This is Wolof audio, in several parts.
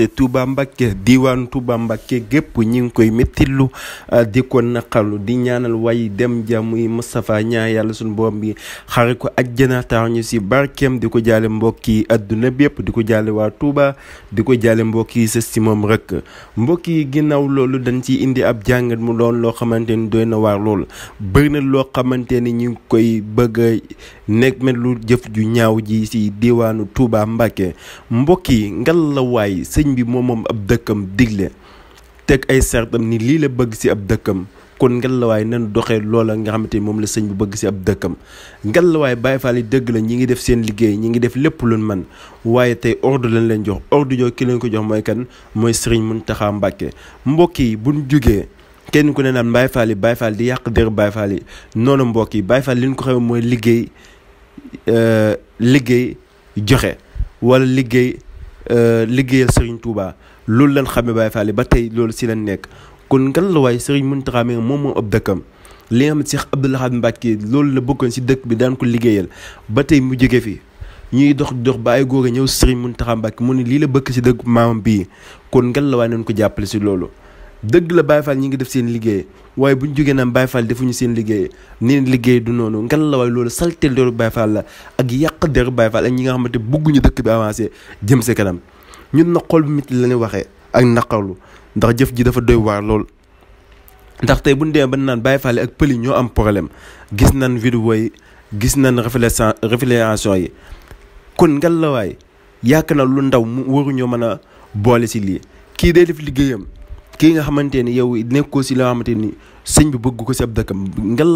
lycée mbakke Mbacké diwaanu Touba Mbacké gépp ñi ngi koy méttilu ah, di ko naqalu di ñaanal way dem jàmm yi Moustapha ñaar yàlla suñu borom bi xare ko ajjana taax ñu si barkeem di ko jaale mbokk yi adduna bépp di ko jaale waa di ko jaale mbokk yi sës si moom rek mbokk yi ginnaaw loolu dañ ciy indi ab jàngat mu doon loo xamante ni doy na waar lool bëri na loo xamante ni ñu koy bëgg nekk mel lu jëf ju ñaaw ji si diwaanu Touba Mbacké mbokk ngal la waay sëñ sëriñ bi moo moom ab dëkkam digle teg ay sartam ni lii la bëgg ci ab dëkkam kon ngelawaay nan doxee loola nga xamante ni moom la sëñ bi bëgg ci ab dëkkam ngelawaay Baay Faal yi dëgg la ñi ngi def seen liggéey ñi ngi def lépp luñ man waaye tey ordre lañ leen jox ordre jox ki ko jox mooy kan mooy sëriñ Muntaxa Mbàkke mbokk yi buñ jógee kenn ku ne naan Baay Faal yi Baay di yàq der Baay Faal yi noonu mbokk yi Baay Faal li ñu ko xamee mooy liggéey euh, liggéey joxe wala liggéey Euh, liggéeyal Serigne Touba loolu lan lañ xamee Baye Fall ba tey loolu si lañ nekk kon ngan la waaye Serigne Mountakha Mbacké moom moo ëpp dëkkam li nga xam ne Cheikh Abdou Lahad loolu la bokkoon si dëkk bi daan ko liggéeyal ba tey mu jóge fi ñuy dox dox ba ay góor a ñëw Serigne Mountakha Mbacké mu ne lii la bëgg si dëkk maamam bii kon ngan la waaye nañ ko jàppale si loolu dëgg la Baye Fall ñi ngi def seen liggéey waaye bu ñu jógee naan Baye Fall defuñu seen liggéey neen liggéey du noonu ngal la waaye loolu saltel deru Baye Fall la ak yàq deru Baye Fall ak ñi nga xamante bëgguñu dëkk bi avancé jëm sa kanam ñun na xool bi mit la ñu waxee ak naqarlu ndax jëf ji dafa doy waar lool ndax tey bu ñu demee ba naan Baye Fall ak pël yi ñoo am problème gis nañ vidéo yi gis nañ révélation yi kon ngal la waay na lu ndaw mu waruñoo mën a boole si lii kii day def liggéeyam kii nga xamante ni yow nekkoo si la xamante ni sëñ bi bëgg ko si ab dëkkam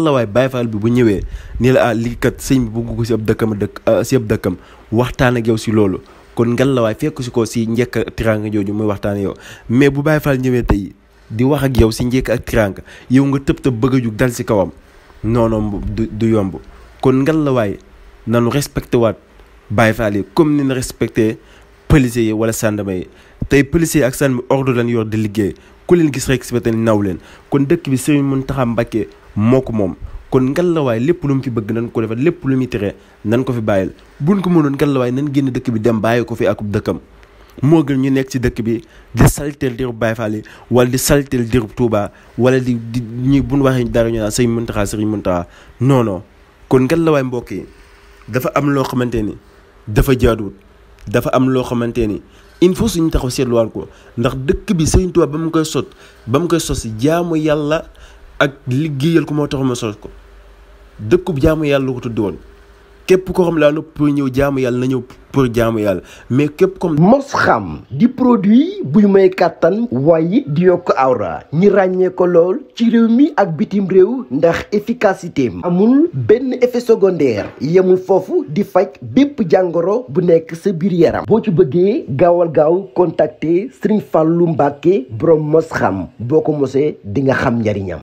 waaye Baay Faal bi bu ñëwee ni la ah lii kat sëñ bi bëgg ko si ab dëkkam dëkk ah, si dëkkam waxtaan ak yow si loolu kon ngelawaay fekk si ko si njëkk tiraanga jooju muy waxtaan yow mais bu Baay Faal ñëwee tey di wax ak yow si njekk ak tiraanga yow nga tëb tëb bëgg jug dal si kawam non du du yomb kon la ngelawaay nanu respecté waat Baay Faal yi comme ni ñu respecté policiers yi wala gendarmes yi tey policiers yi ak gendarmes ordre lañ yor di liggéey ku leen gis rek respecté leen naw leen kon dëkk bi Serigne Mountakha Mbacké moo ko moom kon ngallaawaay lépp lu mu fi bëgg nan ko defal lépp lu muy tere nan ko fi bàyyil buñ ko mënoon ngallaawaay nan génn dëkk bi dem bàyyi ko fi akub dëkkam moo gën ñu nekk ci dëkk bi di salteel dirub Baye Fall yi wala di salteel dirub Touba wala di di ñi buñ waxee dara ñu naan Serigne Mountakha Serigne Mountakha non noonoo kon ngallaawaay mbokk yi dafa am loo xamante ni dafa jaaduwut dafa am loo xamante ni il faut suñu taxaw seetluwaat ko ndax dëkk bi Sëriñ Tuubaa ba mu koy sot ba mu koy si jaamu yàlla ak liggéeyal ko moo tax ma sos ko dëkkub jaamu yàlla ko tudd woon képp koo xam laa nopp ñëw jaamu yàlla na ñëw pour jaamu yàlla mais képp comme. mos xam di produit buy may kàttan waaye di yokk awra ñi ràññee ko lool ci réew mi ak bitim réew ndax efficacité amul benn effet secondaire yemul foofu di faj bépp jàngoro bu nekk sa biir yaram boo ci bëggee gaawal gaaw contacter Serigne Fallou Mbacke borom mos xam boo ko mosee di nga xam njariñam